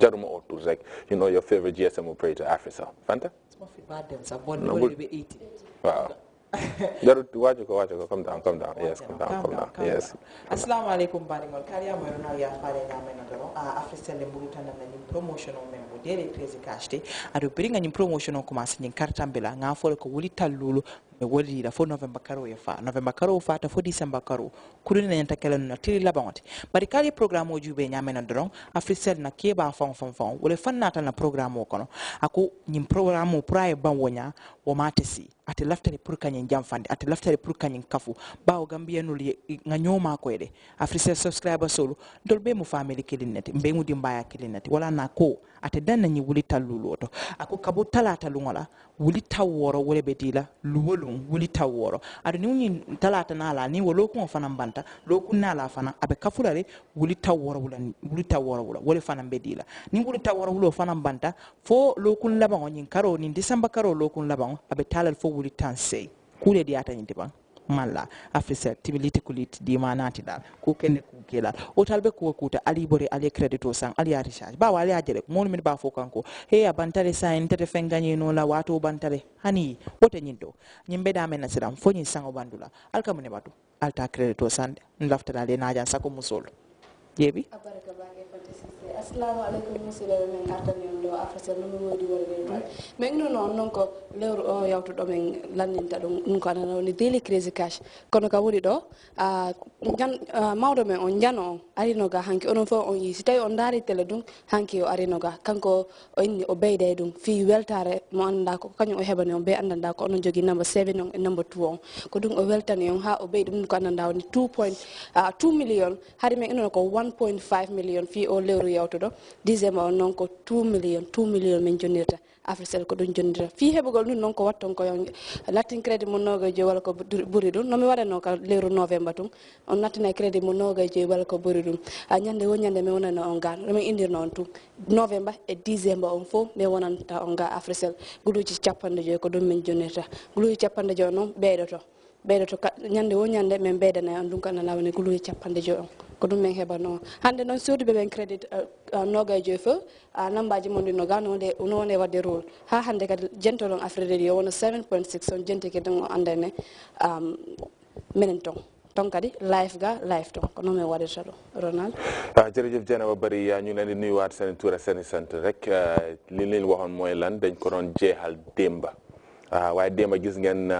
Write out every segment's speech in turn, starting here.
jaruma oo tuus rek you your favorite GSM operator Africell Fanta. waaw. jarul waaju ko waaju ko calm down calm down yes calm down calm down yes. asalaamaaleykum bandigol kariya mo rona ya fare na mena doro a ah, afriselle mburu tan na ni promotion o men bo dere ado bringa ni promotion o kuma sin kartambela nga fole ko wuli tallulu mi wolidira fo novembre karo ya fa novembre karo fa ta fo december karo kuduni na ñanta kelen na tili labaŋote bari kali programme o jube nyame na dron africell na ke ba fon fon fon wala fan ta na programme o kono ako nyim programme o pray a wonya o matesi ati wo laftere pour kañiŋ janfande ati laftere pour kañiŋ kafu bawo no li nga nyoma ko ede africell subscriber solo ntolu be mu family kilin neti be mu di mbaya kilin neti wala na ko ati dan na nyi wuli talulu oto ako kabo talata lungola wuli taworo woro wole be dila wolon wuli ta wɔɔrɔ ado ni ñin talata n'a la ni wo lokuŋo fana banta lokun n'a la fana a be kafula le wuli ta wɔɔrɔ wula wuli ta wɔɔrɔ wula wole fana be dii la ni wuli ta wɔɔrɔ wula fana banta fo lokun labaŋo ñiŋ karo nin desanba karo lokun labaŋo a be taa la fo wuli tan sei kuu le diyaata ñiŋ ti baŋ mala afisa timiliti kulit di manati dal ku kene ku kela o talbe ku kuta ali bore ali credito san ali ya recharge ba wali ajere mon min ba fo kanko he ya bantare sa entete fengani no la wato bantare hani wote nyindo nyimbe da men nasiram fo nyi sango bandula alkamune batu alta credito san laftala le naja sako musol jebi abaraka assalamu aleykum musidɓe men ardamen ɗo africain no mimodi wolɓe mais ɗum noon noon ko lewru o yawtuɗo men landinta ɗum ɗum ko anana woni daily crazy cash kono ka woni ɗo mawɗo men on jano on arinoga hanki onon fof on yii si tawi on daari télé ɗum hanki o arinoga kanko o inni o beyde ɗum fi weltare mo annda ko kañum o heɓani on be andanda ko onon jogui number 7 on e number 2 on ko ɗum o weltani on ha o ɓeyi ɗum ko annanda woni 2 point 2 million haade men inono ko 1 point 5 million fi o lewru yaw yawtuɗo dixiéme on noon ko two million two million min jonnirta africell ko ɗum jonnirta fi heɓugol ɗum noon ko watton ko lattin crédit mo nogoye joyi walla ko ɓuuri ɗum nomi waɗano a ñande wo ñande mi wonana on ga min indirno on tun novembre e dixiéme on fof mi wonanta on ga africell guluji capanɗe joyi ko ɗum min jonnirta guluji capanɗe joyi noon ɓeydoto ɓeɗo to ñande wo ñande min ɓeydana an ɗum kan alawani guluji capanɗe joyi on ko ɗum min noon hande noon surtout ɓeɓen crédit nogay joyi fo number ji mon ɗi noga nowde nowone wadde rôle ha kadi jento ɗon afrique radio wono 7 point 6 on jenti kadi ɗon o andane minen um, ton ton kadi live ga live ton ko noon min waɗirta ɗo ronald ah, jërëjëf Dieynaba ah, ñu ngi leen di nuyuwaat seen tur rek ah, li leen waxoon mooy lan dañ ko doon jeexal démba waaye démba gis ngeen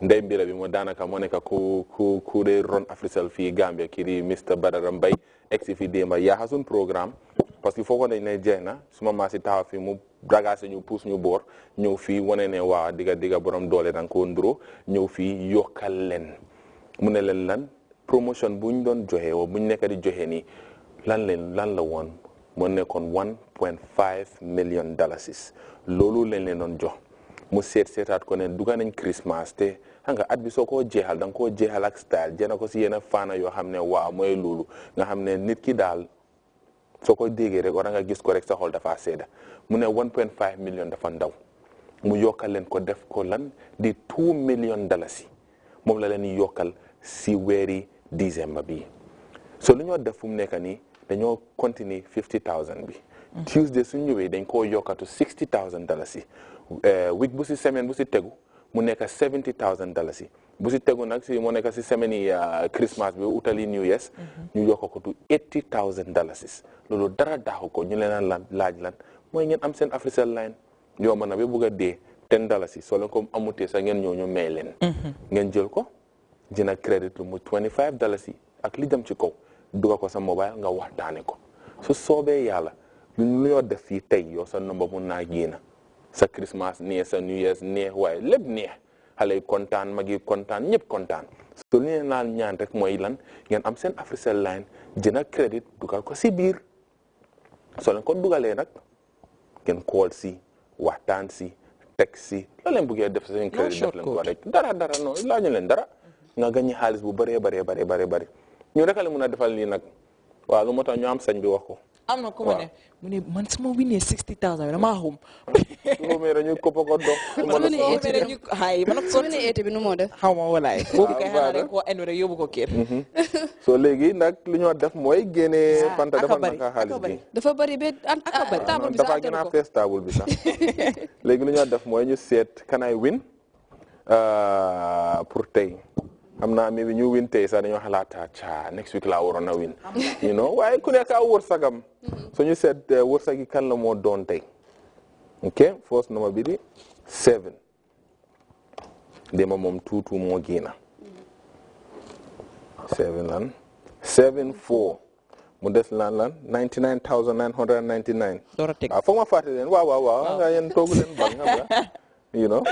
ndey mbira bi moo daanaka moo nekk ku ku ku dee ron Africell fii Gambia kii di Mr Badara Mbay egsi fii démba yaaxa suñ programme parce que foogoon nañ ne jeex na suma maa si taxaw fii mu ragaase ñu puus ñu boor ñëw fii wane ne waa digga digga borom doole dan ko nduro ñëw fii yokkal leen mu ne leen lan promotion buñ doon joxe woo buñ nekk di joxe nii lan leen lan la woon moo nekkoon one point five million dalasis loolu lañ leen doon jox mu seet seetaat ko ne duga nañ Christmas te xam nga at bi soo koo jeexal da nga koo jeexal ak style jëna ko si yenn faana yoo xam ne waaw mooy loolu nga xam ne nit ki daal soo ko déggee rek war nga gis ko rek sa xol dafa seeda mu ne 1.5 million dafa ndaw mu yokkal leen ko def ko lan di 2 million dalasi moom la leen yokkal si weeri décembre bi so lu ñoo def fu mu nekk nii dañoo continuer 50 000 bi Tuesday suñ ñëwee dañ koo yokkatu sixty thousand dollars yi eh, week bu si semaine bu si tegu mu nekk seventy thousand dollars yi bu si tegu nag si nekk si semaine yi ah, Christmas bi utali New Year's ñu yokkatu to eighty thousand dollars loolu dara daaxu ko ñu leen lan laaj lan mooy ngeen am seen Africell line yomb na ba bugg a dee ten dollars yi soo leen ko amutee sax ngeen ñëw ñu may leen. Mm-hmm. ngeen jël ko jënd crédit lu mu twenty five dollars yi ak li jëm ci kaw dugal ko sa mobile nga waxtaane ko su soobee yàlla. lu yoo def fii tey yow sa nomba mun naa génn sa Christmas neex sa New Year's neex waaye lépp neex xale yi kontaan mag yi kontaan ñëpp kontaan so li naan ñaan rek mooy lan ngeen am seen Africell line jënd crédit dugal ko si biir soo leen ko dugalee nag ngeen call si waxtaan si teg si loo leen buggee def si crédit def leen ko rek dara dara non laaju leen dara nga gañi xaalis bu bëree bare bëree bëri bëri ñu rek mun a defal lii nag waaw lu moo tax ñu am sañ bi wax ko am na ku ma ne mu ne man su ma winee sixty thousand bi ma mënee dañuy kopp ko dox. su ma mënee eeti bi nu moo def. xaw ma walaay boobu kay xanaa rek ko kër. soo léegi lu li ñoo def mooy génne ah, Fanta defal na xaalis bi. dafa bëri ba an ah, ah, table bi sax dafa gën a fees table bi sax. léegi li def mooy ñu seet can I win euh, pour tey. am naa maybe ñu win tey sax dañoo cha next week laa waroon win you know waaye ku nekk aw wërsagam so ñu seet uh, wërsag yi kan la moo doon tey ok first number bi di seven dema moom tuutu moo gina mm-hmm. seven lan seven four mu des lan lan 99999 waaw foog ma fàtte leen waaw waaw waaw nga yéen toogu leen bal nga you know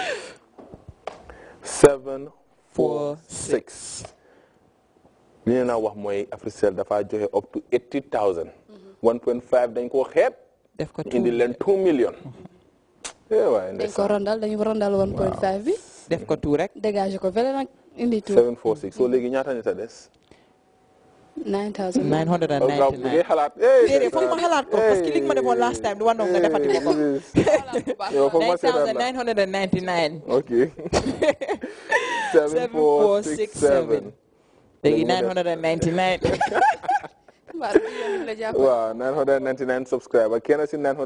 seven four six li nee naa wax mooy Africell dafa joxe up to eighty thousand mhm. one point five dañ koo xeeb def ko indi leen two million eh waaye dañ ko rondal dañu rondal one point five bi def ko tout rek dégagé ko fële nag indi tout seven four six soo léegi ñaata nit a des nine thousand nine hundred and ninety nine eh, li ma defoon last time di seven four six seven. léegi 999. waaw 999 subscriber si nag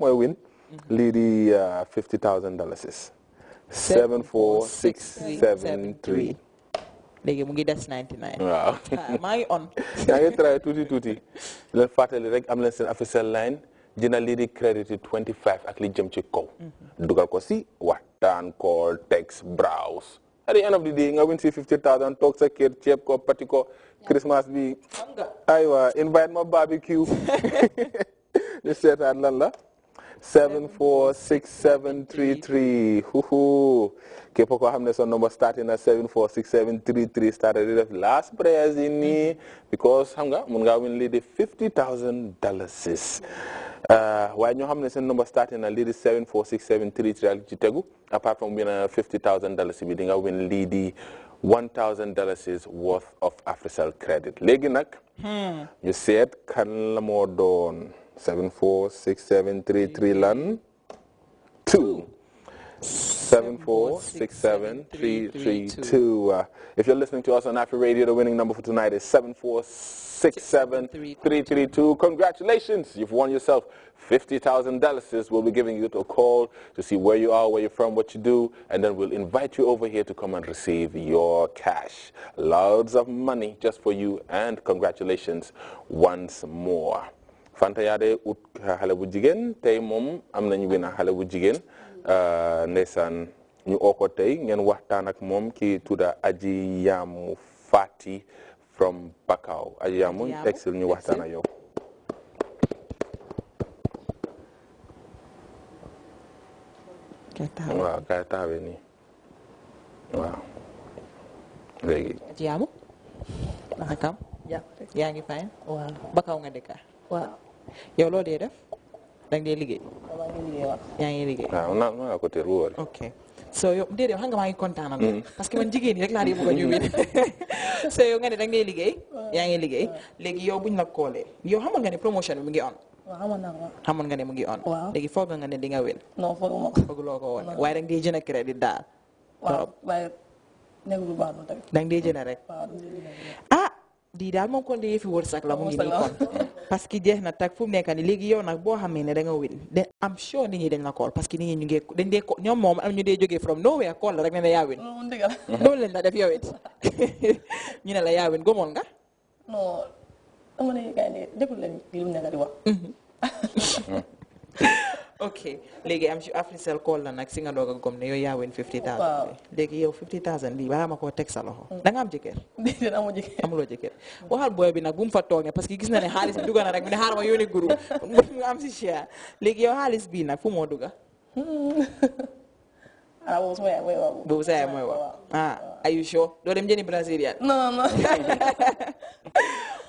mooy win. Mhm. lii di 50000 uh, dollars. 74673. léegi mu ngi des 99. waaw maa ngi on. yaa ngi try tuuti tuuti. leen fàttali rek am leen seen official line. dina lii di crédit 25 ak li jëm ci kaw. Mhm. dugal ko si waxtaan call text browse. at the end of the day I win si fifty thousand toog sa kër ceeb ko pati Christmas bi I invite my barbecue You seetaan lan lala? seven four six seven three three Hoo hoo. koo xam ne number starting at seven four six seven three three started di the last prayers in me mm-hmm. because xam nga mun win lii fifty thousand dollars uh, waaye ñoo xam seen number starting na lii di ci apart from win a 50000 dollars bi di nga win lii 1000 dollars worth of Africell credit léegi nag. Hmm. ñu seet kan la moo doon 7 lan 2. 7467332. Uh, if you're listening to us on Afri Radio, the winning number for tonight is 7467332. Congratulations, you've won yourself 50,000 dollars. We'll be giving you a call to see where you are, where you're from, what you do, and then we'll invite you over here to come and receive your cash. Loads of money just for you, and congratulations once more. Fanta ut halabujigen. bu am Euh, ndeysaan ñu oo tey ngeen waxtaan ak moom ki tudda aji yaamu Fati from Bakau aji yaamu textile ñu waxtaan ak yow waaw kay taxawee nii waaw nga dëkka yow loo dee def danga dee liggéey yaa ngi liggéey waaw naa naa ko teel wóor ok so nga mm. parce que man jigéen ñi rek laa dee bëgg ñu wéet so yow nga ne da ngay liggéey yaa ngi liggéey léegi yow buñ la koolee yow xamoon nga ne promotion bi mu ngi on waaw ne mu ngi on léegi foog nga ne di nga win non foog ma ko foog loo ko woon waaye rek di jënd crédit daal waaw waaye nekk da nga di rek lii daal moom kon de yëfi wërsëg la mu ngi nii kon parce que jeex na tag fu mu ni léegi yow nag boo xamee ne da nga win de am sure nit ñi dañ la kool parce que ni ñi ñu ngi dañ dee ko ñoom moom am ñu dee jógee from nowhere kool la rek ne la yaa win oh, loolu leen la def yow it ñu ne la yaa win gomoon nga non ama ne gars ok léegi am ci Africell call la nag si nga doog a gom ne yow léegi yow 50000 bi baa ma koo loxo. Mm. da nga am jëkkër. déedéet amoo jëkkër amuloo bi nag bu fa toog ne parce que gis na ne xaalis bi dugg na rek mu ne xaaral ma yónni groupe mu am si ah, mooy wax. ah are you sure doo dem jëndi brésilien. non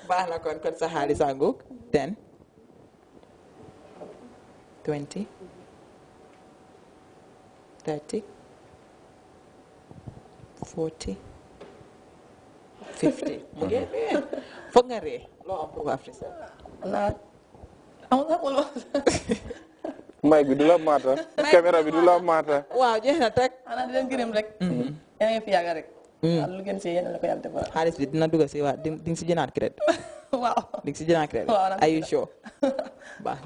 baax na kon kon sa xaalis àggug ten. 20, 30, 40, 50. Okay? Foog nga ree loo am pour Afrique. naa amul amul may bi du la caméra bi du la maata. waaw jeex na rek. xanaa di leen gërëm rek. yaa mm. ngi fi yàgg rek. lu gën si yéen la ko yàlla defal. xaalis bi dina dugg si waa di nga si jënaat crédit. waaw di nga si jënaat crédit. waaw ay sure baax